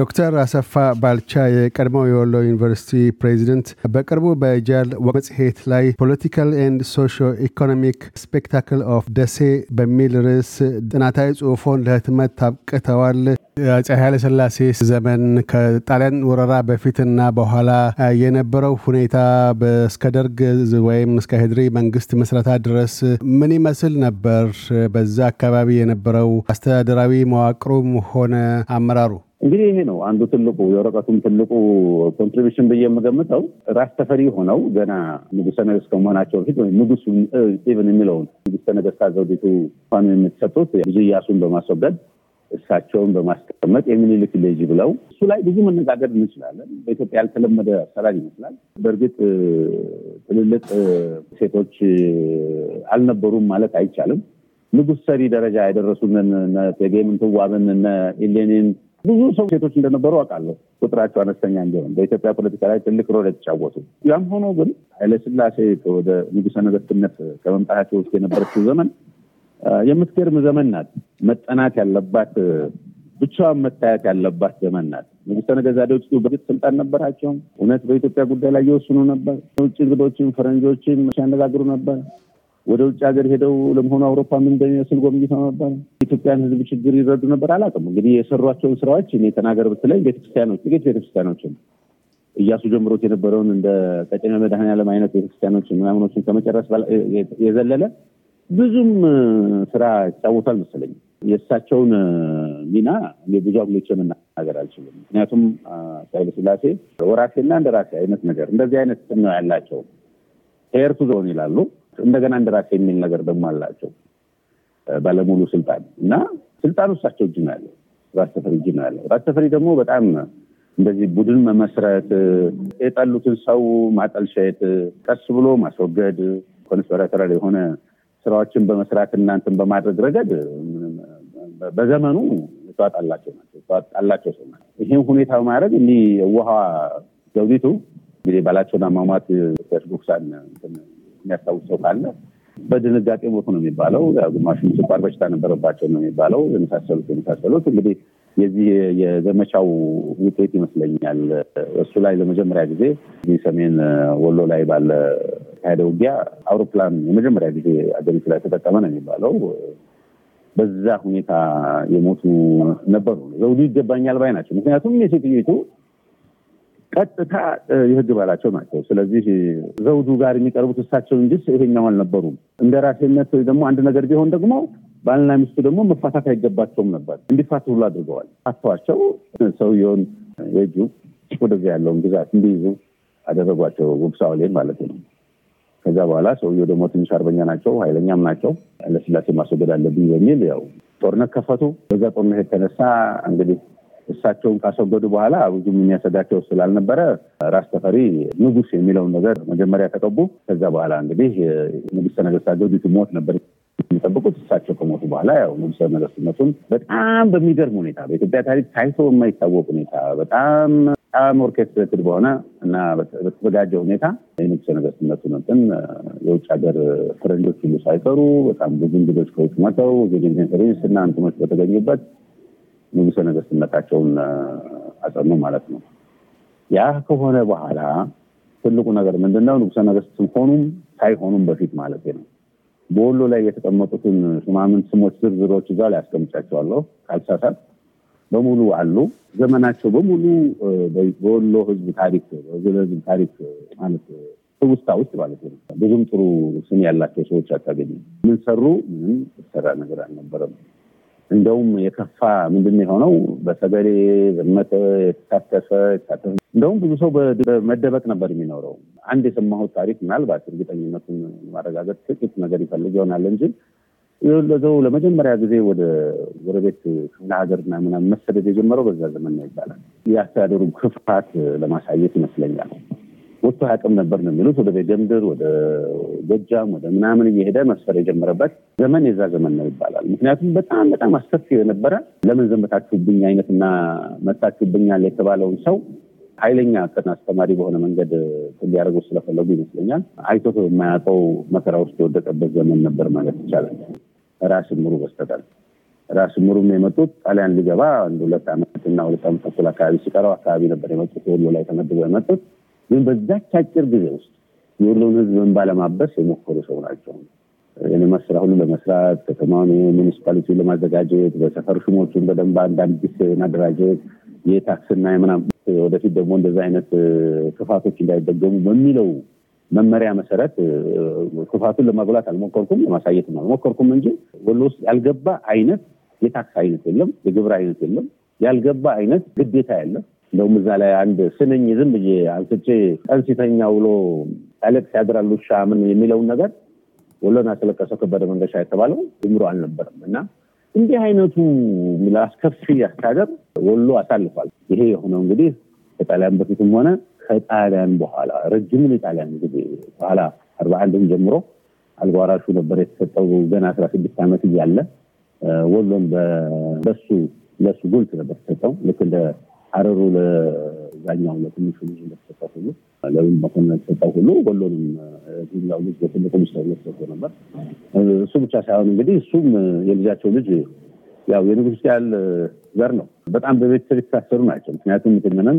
ዶክተር አሰፋ ባልቻ የቀድሞው የወሎ ዩኒቨርሲቲ ፕሬዚደንት፣ በቅርቡ በጃል መጽሔት ላይ ፖለቲካል ኤንድ ሶሽ ኢኮኖሚክ ስፔክታክል ኦፍ ደሴ በሚል ርዕስ ጥናታዊ ጽሑፎን ለህትመት ታብቅተዋል። አፄ ኃይለ ዘመን ከጣሊያን ወረራ በፊትና በኋላ የነበረው ሁኔታ እስከ ደርግ ወይም እስከ ሄድሪ መንግስት ምስረታ ድረስ ምን ይመስል ነበር? በዛ አካባቢ የነበረው አስተዳደራዊ መዋቅሩም ሆነ አመራሩ እንግዲህ ይሄ ነው አንዱ ትልቁ የወረቀቱም ትልቁ ኮንትሪቢሽን ብዬ የምገምጠው ራስ ተፈሪ ሆነው ገና ንጉሰ ነገስት ከመሆናቸው በፊት ወይም ንጉሱ ኢቨን የሚለውን ንጉሰ ነገስት ዘውዲቱ ፋኑ የምትሰጡት ብዙ እያሱን በማስወገድ እሳቸውን በማስቀመጥ የሚኒልክ ልጅ ብለው እሱ ላይ ብዙ መነጋገር እንችላለን። በኢትዮጵያ ያልተለመደ አሰራር ይመስላል። በእርግጥ ትልልቅ ሴቶች አልነበሩም ማለት አይቻልም። ንጉሥ ሰሪ ደረጃ የደረሱንን እነ እቴጌ ምንትዋብን እነ ኢሌኒን ብዙ ሰው ሴቶች እንደነበሩ አውቃለሁ፣ ቁጥራቸው አነስተኛ እንዲሆን በኢትዮጵያ ፖለቲካ ላይ ትልቅ ሮል የተጫወቱ። ያም ሆኖ ግን ኃይለስላሴ ወደ ንጉሰ ነገስትነት ከመምጣታቸው ውስጥ የነበረችው ዘመን የምትገርም ዘመን ናት። መጠናት ያለባት ብቻዋን መታየት ያለባት ዘመን ናት። ንጉሰ ነገዛዴ ውስጡ በግጥ ስልጣን ነበራቸው። እውነት በኢትዮጵያ ጉዳይ ላይ እየወስኑ ነበር። ውጭ እንግዶችን ፈረንጆችን ሲያነጋግሩ ነበር። ወደ ውጭ ሀገር ሄደው ለመሆኑ አውሮፓ ምን እንደሚመስል ጎብኝተው ነበር? ኢትዮጵያን ህዝብ ችግር ይረዱ ነበር? አላውቅም። እንግዲህ የሰሯቸውን ስራዎች እኔ ተናገር ብትለኝ ቤተክርስቲያኖች፣ ጥቂት ቤተክርስቲያኖችን እያሱ ጀምሮት የነበረውን እንደ ቀጨኔ መድኃኔዓለም አይነት ቤተክርስቲያኖችን ምናምኖችን ከመጨረስ የዘለለ ብዙም ስራ ይጫወቱ አልመሰለኝም። የእሳቸውን ሚና ብዙ አጉልቼ መናገር አልችልም። ምክንያቱም ኃይለ ሥላሴ ወራሴና እንደ ራሴ አይነት ነገር እንደዚህ አይነት ነው ያላቸው ሄርቱ ዞን ይላሉ እንደገና እንደራሴ የሚል ነገር ደግሞ አላቸው። ባለሙሉ ስልጣን እና ስልጣን እሳቸው እጅ ነው ያለው። ራስ ተፈሪ እጅ ነው ያለው። ራስ ተፈሪ ደግሞ በጣም እንደዚህ ቡድን መመስረት፣ የጠሉትን ሰው ማጠልሸት፣ ቀስ ብሎ ማስወገድ፣ ኮንስፐራተራል የሆነ ስራዎችን በመስራት እናንትን በማድረግ ረገድ በዘመኑ የተዋጣላቸው ናቸው። የተዋጣላቸው ሰው ናቸው። ይህን ሁኔታ በማድረግ እንዲህ ውሃ ዘውዲቱ እንግዲህ ባላቸውን አሟሟት ጉግሳን የሚያስታውስ ሰው ካለ በድንጋጤ ሞቱ ነው የሚባለው። ግማሹም ስኳር በሽታ ነበረባቸው ነው የሚባለው። የመሳሰሉት የመሳሰሉት እንግዲህ የዚህ የዘመቻው ውጤት ይመስለኛል። እሱ ላይ ለመጀመሪያ ጊዜ ሰሜን ወሎ ላይ ባለ ካሄደ ውጊያ አውሮፕላን የመጀመሪያ ጊዜ አገሪቱ ላይ ተጠቀመ ነው የሚባለው። በዛ ሁኔታ የሞቱ ነበሩ። ዘውዱ ይገባኛል ባይ ናቸው። ምክንያቱም የሴትዮቱ ቀጥታ የህግ ባላቸው ናቸው። ስለዚህ ዘውዱ ጋር የሚቀርቡት እሳቸው እንጂ ይሄኛው አልነበሩም። እንደ ራሴነት ደግሞ አንድ ነገር ቢሆን ደግሞ ባልና ሚስቱ ደግሞ መፋታት አይገባቸውም ነበር። እንዲፋቱ ሁሉ አድርገዋል። ፋተዋቸው ሰውየውን የእጁ ወደዚ ያለውን ግዛት እንዲይዙ አደረጓቸው። ጉብሳውሌን ማለት ነው። ከዛ በኋላ ሰውየው ደግሞ ትንሽ አርበኛ ናቸው፣ ኃይለኛም ናቸው። ለስላሴ ማስወገድ አለብኝ በሚል ያው ጦርነት ከፈቱ። በዛ ጦርነት የተነሳ እንግዲህ እሳቸውን ካስወገዱ በኋላ ብዙም የሚያሰጋቸው ስላልነበረ ራስ ተፈሪ ንጉስ የሚለውን ነገር መጀመሪያ ተቀቡ። ከዛ በኋላ እንግዲህ ንጉሰ ነገሥት ዘውዲቱ ሞት ነበር የሚጠብቁት እሳቸው ከሞቱ በኋላ ያው ንጉሰ ነገስትነቱን በጣም በሚገርም ሁኔታ በኢትዮጵያ ታሪክ ታይቶ የማይታወቅ ሁኔታ በጣም በጣም ኦርኬስትሬትድ በሆነ እና በተዘጋጀ ሁኔታ የንጉሰ ነገሥትነቱን የውጭ ሀገር ፈረንጆች ሁሉ ሳይቀሩ በጣም ብዙ እንግዶች ከውጭ መጥተው ዜግንሰሪስ እና እንትኖች በተገኙበት ንጉሰ ነገስትነታቸውን አጸኑ ማለት ነው። ያ ከሆነ በኋላ ትልቁ ነገር ምንድነው? ንጉሰ ነገስት ሆኑም ሳይሆኑም በፊት ማለት ነው በወሎ ላይ የተቀመጡትን ሹማምንት ስሞች ዝርዝሮች እዛ ላይ ያስቀምጫቸዋለሁ ካልሳሳት በሙሉ አሉ። ዘመናቸው በሙሉ በወሎ ህዝብ ታሪክ ህዝብ ታሪክ ማለት ውስጣ ውስጥ ማለት ነው። ብዙም ጥሩ ስም ያላቸው ሰዎች አታገኝም። ምን ሰሩ? ምንም ሰራ ነገር አልነበረም። እንደውም የከፋ ምንድን የሆነው በሰገሌ ዘመተ የተሳተፈ የተሳተፈ እንደውም ብዙ ሰው በመደበቅ ነበር የሚኖረው። አንድ የሰማሁት ታሪክ ምናልባት እርግጠኝነቱን ማረጋገጥ ጥቂት ነገር ይፈልግ ይሆናል እንጂ ለዘው ለመጀመሪያ ጊዜ ወደ ጎረቤት ክፍለ ሀገርና ምናምን መሰደድ የጀመረው በዛ ዘመን ነው ይባላል። የአስተዳደሩ ክፍፋት ለማሳየት ይመስለኛል። ወጥቶ አያውቅም ነበር ነው የሚሉት። ወደ ቤደምድር፣ ወደ ጎጃም፣ ወደ ምናምን እየሄደ መስፈር የጀመረበት ዘመን የዛ ዘመን ነው ይባላል። ምክንያቱም በጣም በጣም አስከፊ የነበረ ለምን ዘመታችሁብኝ አይነትና መታችሁብኛል የተባለውን ሰው ኃይለኛ ቅን አስተማሪ በሆነ መንገድ ሊያደርጉ ስለፈለጉ ይመስለኛል አይቶት የማያውቀው መከራ ውስጥ የወደቀበት ዘመን ነበር ማለት ይቻላል። ራስ ምሩ በስተቀር ራስ ምሩም የመጡት ጣሊያን ሊገባ አንድ ሁለት ዓመት እና ሁለት ዓመት ተኩል አካባቢ ሲቀረው አካባቢ ነበር የመጡት ወሎ ላይ ተመድበው የመጡት ግን በዛች አጭር ጊዜ ውስጥ የወሎን ህዝብ እንባ ለማበስ የሞከሩ ሰው ናቸው። ስራ ሁሉ ለመስራት ከተማኑ ሚኒስፓሊቲ ለማዘጋጀት በሰፈር ሹሞቹን በደንብ አንዳንድ ማደራጀት የታክስና የምናምን ወደፊት ደግሞ እንደዚ አይነት ክፋቶች እንዳይደገሙ በሚለው መመሪያ መሰረት ክፋቱን ለማጉላት አልሞከርኩም፣ ለማሳየት አልሞከርኩም እንጂ ወሎ ውስጥ ያልገባ አይነት የታክስ አይነት የለም፣ የግብር አይነት የለም፣ ያልገባ አይነት ግዴታ የለም። እንደውም እዛ ላይ አንድ ስንኝ ዝም ብዬ አንስቼ ቀን ሲተኛ ውሎ ቀለጥ ሲያድራሉ ውሻ ምን የሚለውን ነገር ወሎን አስለቀሰው ከበደ መንገሻ የተባለው ጀምሮ አልነበረም እና እንዲህ አይነቱ አስከፊ አስተዳደር ወሎ አሳልፏል። ይሄ የሆነው እንግዲህ ከጣሊያን በፊትም ሆነ ከጣሊያን በኋላ ረጅምን የጣሊያን ጊዜ በኋላ አርባ አንድም ጀምሮ አልጓራሹ ነበር የተሰጠው ገና አስራ ስድስት ዓመት እያለ ወሎን በሱ ለሱ ጉልት ነበር የተሰጠው ልክ እንደ ሀረሩ ለዛኛው ለትንሹ ልጅ እንደተሰጠ ሁሉ ለምን መኮንን የተሰጠው ሁሉ ወሎንም ኛው ልጅ በትልቁ ልጅ ተብሎ ነበር። እሱ ብቻ ሳይሆን እንግዲህ እሱም የልጃቸው ልጅ ያው የንጉሥ ያህል ዘር ነው። በጣም በቤተሰብ የተሳሰሩ ናቸው። ምክንያቱም ምትመነን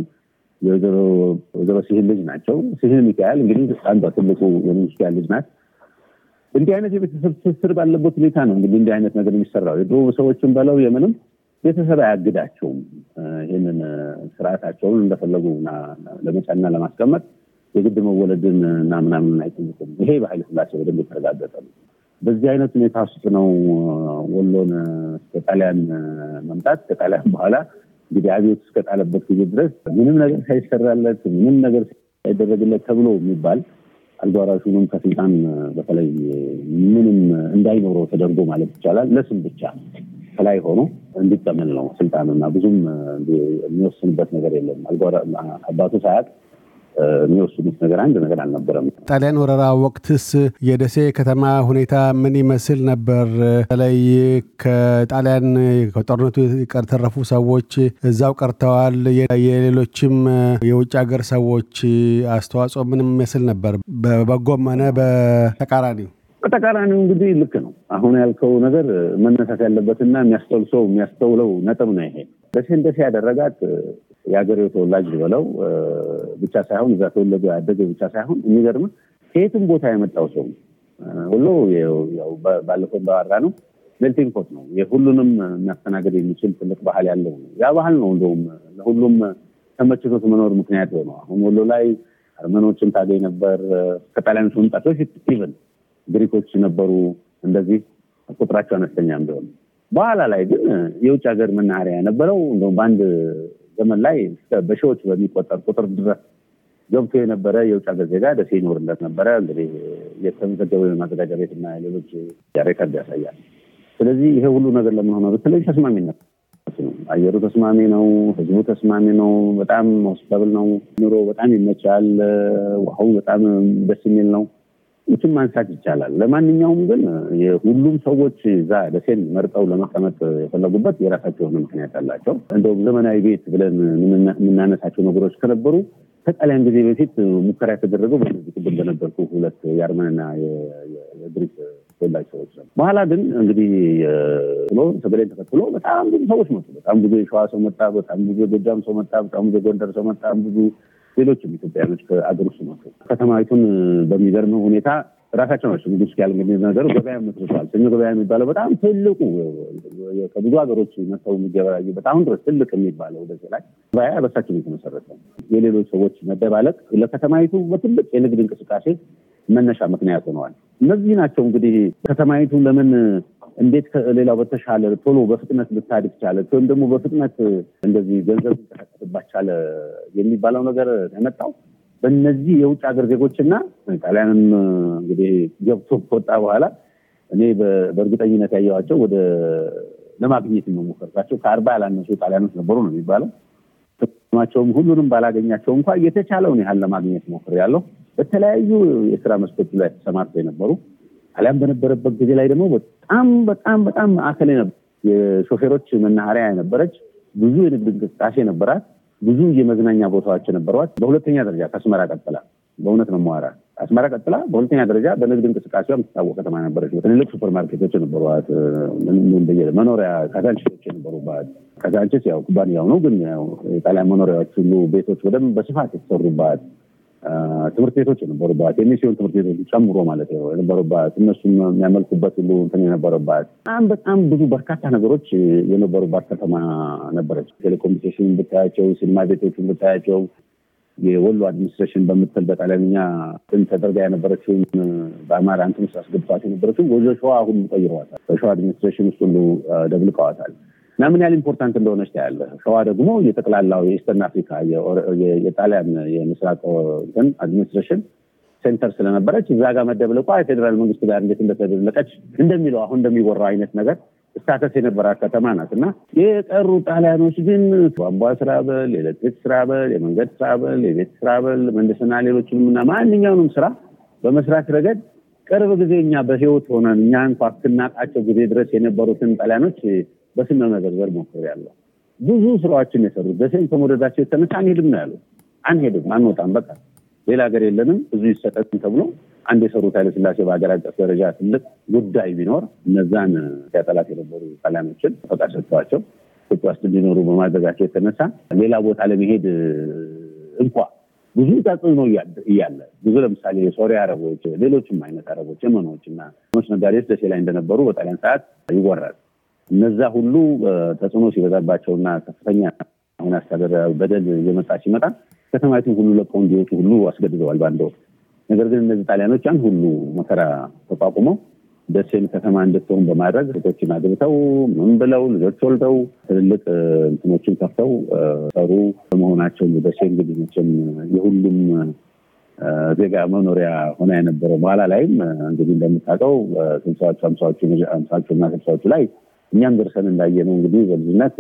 የወይዘሮ ሲህን ልጅ ናቸው። ሲህን ሚካኤል እንግዲህ አንዷ ትልቁ የንጉሥ ያህል ልጅ ናት። እንዲህ አይነት የቤተሰብ ትስስር ባለበት ሁኔታ ነው እንግዲህ እንዲህ አይነት ነገር የሚሰራው የድሮ ሰዎችን በለው የምንም ቤተሰብ አያግዳቸውም። ይህንን ስርዓታቸውን እንደፈለጉ ለመጫና ለማስቀመጥ የግድ መወለድን እና ምናምን አይጠይቁም። ይሄ በኃይለ ሥላሴ በደንብ የተረጋገጠ ነው። በዚህ አይነት ሁኔታ ውስጥ ነው ወሎን ከጣሊያን መምጣት ከጣሊያን በኋላ እንግዲህ አብዮት እስከጣለበት ጊዜ ድረስ ምንም ነገር ሳይሰራለት ምንም ነገር ሳይደረግለት ተብሎ የሚባል አልጓራሹንም ከስልጣን በተለይ ምንም እንዳይኖረው ተደርጎ ማለት ይቻላል ለስም ብቻ ከላይ ሆኖ እንዲጠመን ነው ስልጣን እና ብዙም የሚወስንበት ነገር የለም። አባቱ ሳያት የሚወስዱት ነገር አንድ ነገር አልነበረም። ጣሊያን ወረራ ወቅትስ የደሴ ከተማ ሁኔታ ምን ይመስል ነበር? በተለይ ከጣሊያን ከጦርነቱ የተረፉ ሰዎች እዛው ቀርተዋል። የሌሎችም የውጭ ሀገር ሰዎች አስተዋጽኦ ምን ይመስል ነበር? በበጎም ሆነ በተቃራኒው በተቃራኒው እንግዲህ ልክ ነው። አሁን ያልከው ነገር መነሳት ያለበትና የሚያስጠልሰው የሚያስተውለው ነጥብ ነው ይሄ። ደሴን እንደሴ ያደረጋት የሀገሬው ተወላጅ በለው ብቻ ሳይሆን እዛ ተወለደ ያደገ ብቻ ሳይሆን የሚገርም ከየትም ቦታ የመጣው ሰው ሁሉ ባለፈው ባወራ ነው ሜልቲንግ ፖት ነው። የሁሉንም የሚያስተናገድ የሚችል ትልቅ ባህል ያለው ነው። ያ ባህል ነው እንደውም ለሁሉም ተመችቶት መኖር ምክንያት ነው። አሁን ወሎ ላይ አርመኖችን ታገኝ ነበር ከጣሊያን ሱንጣቶች በፊት ኢቨን ግሪኮች ነበሩ። እንደዚህ ቁጥራቸው አነስተኛ ቢሆን በኋላ ላይ ግን የውጭ ሀገር መናኸሪያ የነበረው እንደውም በአንድ ዘመን ላይ በሺዎች በሚቆጠር ቁጥር ድረስ ገብቶ የነበረ የውጭ ሀገር ዜጋ ደሴ ይኖርለት ነበረ። እንግዲህ የተመዘገበ ማዘጋጃ ቤትና ሌሎች ሬከርድ ያሳያል። ስለዚህ ይሄ ሁሉ ነገር ለምን ሆነ ተስማሚ ተስማሚነት አየሩ ተስማሚ ነው። ህዝቡ ተስማሚ ነው። በጣም ሆስፒታብል ነው። ኑሮ በጣም ይመቻል። ውሃው በጣም ደስ የሚል ነው። ይችን ማንሳት ይቻላል። ለማንኛውም ግን የሁሉም ሰዎች እዛ ደሴን መርጠው ለመቀመጥ የፈለጉበት የራሳቸው የሆነ ምክንያት አላቸው። እንደውም ዘመናዊ ቤት ብለን የምናነሳቸው ነገሮች ከነበሩ ከጣሊያን ጊዜ በፊት ሙከራ የተደረገው በዚህ ቅድም እንደነበርኩ ሁለት የአርመንና የግሪክ ተወላጅ ሰዎች ነው። በኋላ ግን እንግዲህ ብሎ ሰገሌን ተከትሎ በጣም ብዙ ሰዎች መጡ። በጣም ብዙ የሸዋ ሰው መጣ። በጣም ብዙ የጎጃም ሰው መጣ። በጣም ብዙ የጎንደር ሰው መጣ። ብዙ ሌሎችም ኢትዮጵያኖች ከአገር ውስጥ ነው። ከተማዊቱን በሚገርም ሁኔታ ራሳቸው ናቸው ንጉስ ያል እንግዲህ ነገሩ ገበያ መስርቷል። ሰኞ ገበያ የሚባለው በጣም ትልቁ ከብዙ ሀገሮች መጥተው የሚገበያዩ በጣም ድረስ ትልቅ የሚባለው ወደዚህ ላይ ገበያ በሳቸው የተመሰረተ የሌሎች ሰዎች መደባለቅ ለከተማይቱ በትልቅ የንግድ እንቅስቃሴ መነሻ ምክንያት ሆነዋል። እነዚህ ናቸው እንግዲህ ከተማይቱ ለምን እንዴት ከሌላው በተሻለ ቶሎ በፍጥነት ልታድግ ቻለ ወይም ደግሞ በፍጥነት እንደዚህ ገንዘብ ሊንቀሳቀስባት ቻለ የሚባለው ነገር የመጣው በእነዚህ የውጭ ሀገር ዜጎችና ጣሊያንም እንግዲህ ገብቶ ከወጣ በኋላ እኔ በእርግጠኝነት ያየዋቸው ወደ ለማግኘት የመሞከርኳቸው ከአርባ ያላነሱ ጣሊያኖች ነበሩ ነው የሚባለው። ማቸውም ሁሉንም ባላገኛቸው እንኳ የተቻለውን ያህል ለማግኘት ሞክር ያለው በተለያዩ የስራ መስኮች ላይ ተሰማርተው የነበሩ ጣሊያን በነበረበት ጊዜ ላይ ደግሞ በጣም በጣም በጣም ማዕከል የሾፌሮች መናኸሪያ የነበረች ብዙ የንግድ እንቅስቃሴ ነበራት። ብዙ የመዝናኛ ቦታዎች ነበሯት። በሁለተኛ ደረጃ ከአስመራ ቀጥላ በእውነት ነው መዋራ አስመራ ቀጥላ በሁለተኛ ደረጃ በንግድ እንቅስቃሴ የምትታወቅ ከተማ ነበረች። ትልልቅ ማርኬቶች ነበሯት። መኖሪያ ካዛንቺሶች የነበሩባት ካዛንቺስ ያው ኩባንያው ነው፣ ግን ጣሊያን መኖሪያዎች ሁሉ ቤቶች በደንብ በስፋት የተሰሩባት ትምህርት ቤቶች የነበሩባት የሚስዮን ትምህርት ቤቶች ጨምሮ ማለት ነው የነበሩባት እነሱ የሚያመልኩበት ሁሉ እንትን የነበረባት በጣም በጣም ብዙ በርካታ ነገሮች የነበሩባት ከተማ ነበረች። ቴሌኮሙኒኬሽን ብታያቸው፣ ሲኒማ ቤቶችን ብታያቸው፣ የወሎ አድሚኒስትሬሽን በምትል በጣሊያንኛ ን ተደርጋ የነበረችውን በአማራ እንትን ውስጥ አስገብቷት የነበረችው ወደ ሸዋ ሁሉ ቀይረዋታል። በሸዋ አድሚኒስትሬሽን ውስጥ ሁሉ ደብልቀዋታል። እና ምን ያህል ኢምፖርታንት እንደሆነች ታያለህ። ሸዋ ደግሞ የጠቅላላው የኢስተርን አፍሪካ የጣሊያን የምስራቅ አድሚኒስትሬሽን ሴንተር ስለነበረች እዛ ጋር መደብለቋ የፌዴራል መንግስት ጋር እንዴት እንደተደለቀች እንደሚለው አሁን እንደሚወራው አይነት ነገር ስታተስ የነበራት ከተማ ናት እና የቀሩ ጣሊያኖች ግን ቧንቧ ስራ በል፣ የኤሌክትሪክ ስራ በል፣ የመንገድ ስራ በል፣ የቤት ስራ በል፣ ምህንድስና፣ ሌሎችንም እና ማንኛውንም ስራ በመስራት ረገድ ቅርብ ጊዜ እኛ በህይወት ሆነን እኛ እንኳ እስክናቃቸው ጊዜ ድረስ የነበሩትን ጣሊያኖች በስም ለመዘርዘር ሞክሬያለሁ። ብዙ ስራዎችን የሰሩት በሴም ከመውደዳቸው የተነሳ አንሄድም ነው ያሉት። አንሄድም፣ አንወጣም፣ በቃ ሌላ ሀገር የለንም ብዙ ይሰጠትም ተብሎ አንድ የሰሩት ኃይለስላሴ በሀገር አቀፍ ደረጃ ትልቅ ጉዳይ ቢኖር እነዛን ሲያጠላት የነበሩ ጣሊያኖችን ፈቃድ ሰጥተዋቸው ኢትዮጵያ ውስጥ እንዲኖሩ በማድረጋቸው የተነሳ ሌላ ቦታ ለመሄድ እንኳ ብዙ ተጽዕኖ እያለ ብዙ ለምሳሌ የሶሪያ አረቦች፣ ሌሎችም አይነት አረቦች የመኖች እና ነጋዴዎች ደሴ ላይ እንደነበሩ በጣሊያን ሰዓት ይወራል። እነዛ ሁሉ ተጽዕኖ ሲበዛባቸውና ከፍተኛ አሁን አስተዳደራዊ በደል እየመጣ ሲመጣ ከተማይቱን ሁሉ ለቀው እንዲወጡ ሁሉ አስገድደዋል በአንድ ወቅት። ነገር ግን እነዚህ ጣሊያኖች አንድ ሁሉ መከራ ተቋቁመው ደሴን ከተማ እንድትሆን በማድረግ ሴቶችን አግብተው ምን ብለው ልጆች ወልደው ትልልቅ እንትኖችን ከፍተው ጠሩ በመሆናቸው ደሴ እንግዲህ መቼም የሁሉም ዜጋ መኖሪያ ሆና የነበረው በኋላ ላይም እንግዲህ እንደምታውቀው ስልሳዎቹ ሀምሳዎቹ እና ስልሳዎቹ ላይ እኛም ደርሰን እንዳየነው እንግዲህ በልጅነት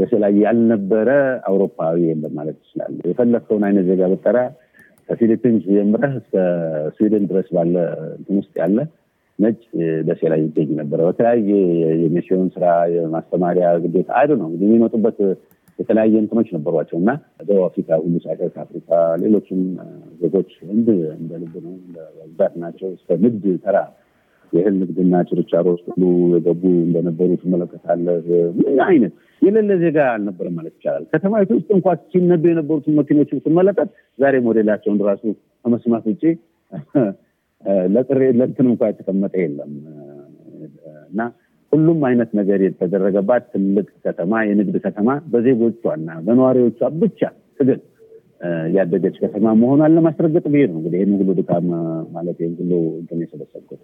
ደሴ ላይ ያልነበረ አውሮፓዊ የለም ማለት ይችላል። የፈለግከውን አይነት ዜጋ በጠራ ከፊሊፒንስ ጀምረህ እስከ ስዊድን ድረስ ባለ እንትን ውስጥ ያለ ነጭ ደሴ ላይ ይገኝ ነበረ። በተለያየ የሚስዮን ስራ የማስተማሪያ ግዴታ አይዱ ነው እንግዲህ የሚመጡበት የተለያየ እንትኖች ነበሯቸው እና ደቡብ አፍሪካ ሁሉ ሳይቀር አፍሪካ፣ ሌሎችም ዜጎች እንድ እንደ ልብ ነው በብዛት ናቸው። እስከ ንግድ ተራ የእህል ንግድና ችርቻሮች ሁሉ የገቡ እንደነበሩ ትመለከታለህ። ምን አይነት የሌለ ዜጋ አልነበረም ማለት ይቻላል። ከተማይቱ ውስጥ እንኳ ሲነዱ የነበሩትን መኪኖችን ስመለከት ዛሬ ሞዴላቸውን ራሱ ከመስማት ውጭ ለጥሬ ለእንትን እንኳ የተቀመጠ የለም እና ሁሉም አይነት ነገር የተደረገባት ትልቅ ከተማ፣ የንግድ ከተማ በዜጎቿና በነዋሪዎቿ ብቻ ትግል ያደገች ከተማ መሆኗን ለማስረገጥ ብዬ ነው እንግዲህ ይህን ሁሉ ድካም ማለት ይህን ሁሉ እንትን የሰበሰብኩት።